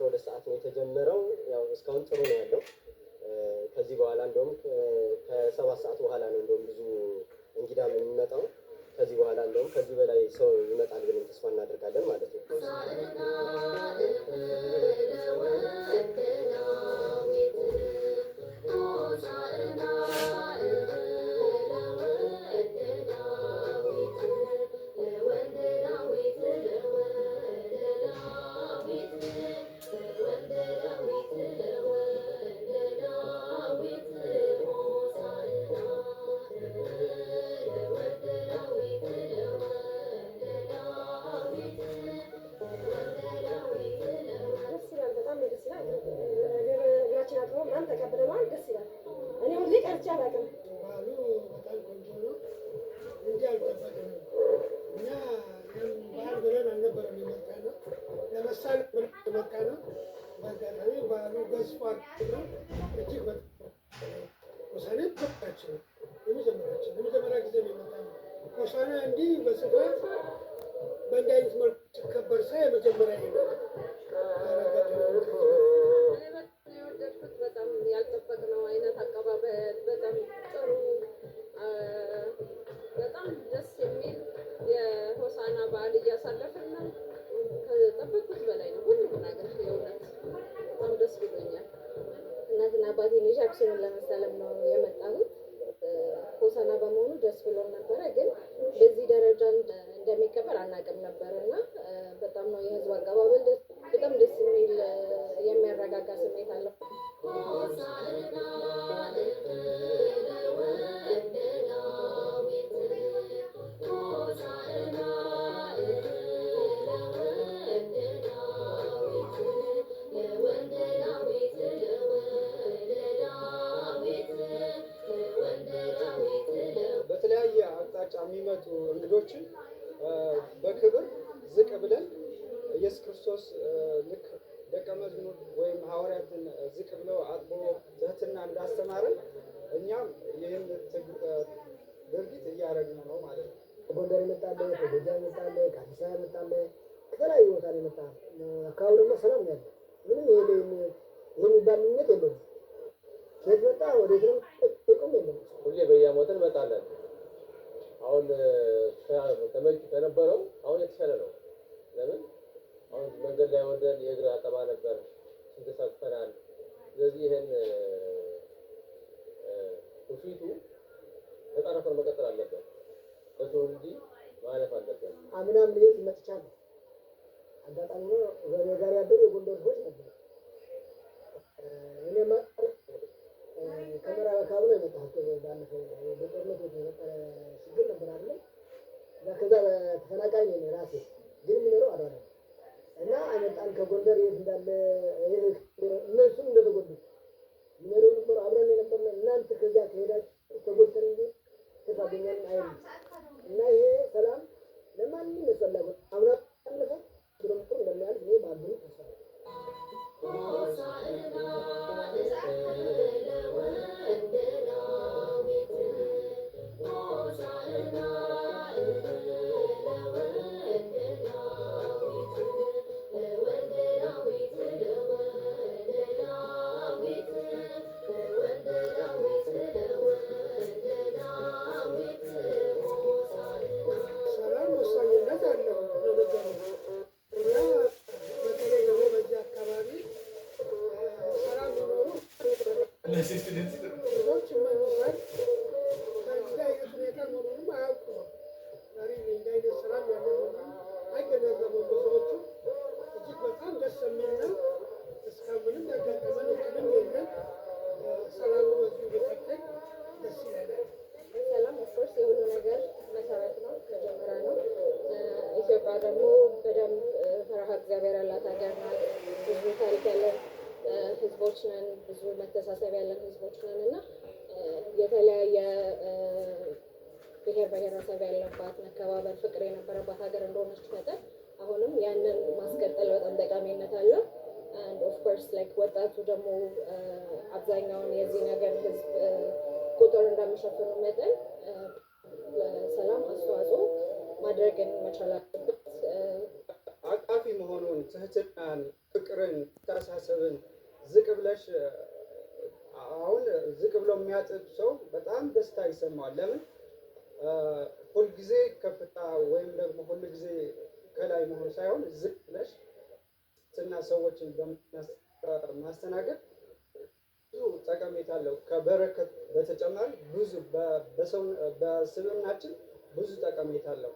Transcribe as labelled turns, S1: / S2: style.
S1: አስራ ሁለት ሰዓት ነው የተጀመረው። ያው እስካሁን ጥሩ ነው ያለው። ከዚህ በኋላ እንደውም ከሰባት ሰዓት በኋላ ነው እንደውም ብዙ እንግዳ የሚመጣው። ከዚህ በኋላ እንደውም ከዚህ በላይ ሰው ይመጣል ብለን ተስፋ እናደርጋለን ማለት ነው።
S2: መስዋዕት ትግል እጅግ ሆሳዕና ተፈታችን የመጀመሪያችን የመጀመሪያ ጊዜ የሚመጣ ነው። እንዲህ በስፋት በእንዲህ አይነት መልኩ ሲከበር ሳይ የመጀመሪያ ይመጣል።
S3: ሰና በመሆኑ ደስ ብሎን ነበረ፣ ግን በዚህ ደረጃ እንደሚከበር አናውቅም ነበር እና በጣም ነው የህዝቡ አቀባበል በጣም ደስ የሚል የሚያረጋጋ ስሜት አለው።
S4: ኢየሱስ ክርስቶስ ልክ ደቀ መዝሙር ወይም ሐዋርያትን ዝቅ ብለው አጥቦ ትህትና እንዳስተማረን እኛም ይህን ድርጊት እያደረግን ነው ማለት ነው።
S5: ከጎንደር የመጣለ ከጎጃ የመጣለ ከአዲስ አበባ የመጣለ ከተለያዩ ቦታ ነው የመጣ አካባቢ ደግሞ ሰላም ያለ ምንም ይሄ የሚባል ምነት የለም። ሴት መጣ ወደት ጥቅም የለም።
S6: ሁሌ በየዓመቱ እንመጣለን። አሁን ተመልክ ከነበረው አሁን የተሻለ ነው። ለምን አሁን መንገድ ላይ ወደን የእግር አጠባ ነበር ተሳትፈናል። ስለዚህ ይህን ትውፊቱ ተጠናክሮ መቀጠል አለበት፣ በትውልድ ማለፍ አለበት።
S5: አምናም እኔ መጥቻለሁ። አጋጣሚ ነው ጋር ያደር የጎንደር ልጆች ነበሩ። እኔ ከምዕራብ አካባቢ ነው የመጣሁት። ባለፈው በጦርነት የተፈጠረ ችግር ነበር አለ ከዛ ተፈናቃይ ራሴ ግን የሚኖረው አዳራ መጣን ከጎንደር የት እንዳለ
S7: ህዝቦች ነን፣ ብዙ መተሳሰብ ያለን ህዝቦች ነን እና የተለያየ ብሔር ብሔረሰብ ያለባት መከባበር፣ ፍቅር የነበረባት ሀገር እንደሆነች መጠን አሁንም ያንን ማስቀጠል በጣም ጠቃሚነት አለው። አንድ ላይክ ወጣቱ ደግሞ አብዛኛውን የዚህ ነገር ህዝብ ቁጥር እንደሚሸፍኑ መጠን ሰላም አስተዋጽኦ ማድረግን መቻላለበት
S4: አቃፊ መሆኑን ትህትናን፣ ፍቅርን፣ ተሳሰብን ዝቅ ብለሽ አሁን ዝቅ ብሎ የሚያጥብ ሰው በጣም ደስታ ይሰማዋል። ለምን ሁልጊዜ ከፍታ ወይም ደግሞ ሁልጊዜ ከላይ መሆን ሳይሆን ዝቅ ብለሽ እና ሰዎችን ማስተናገድ ብዙ ጠቀሜታ አለው። ከበረከት በተጨማሪ ብዙ በስብዕናችን ብዙ ጠቀሜታ አለው።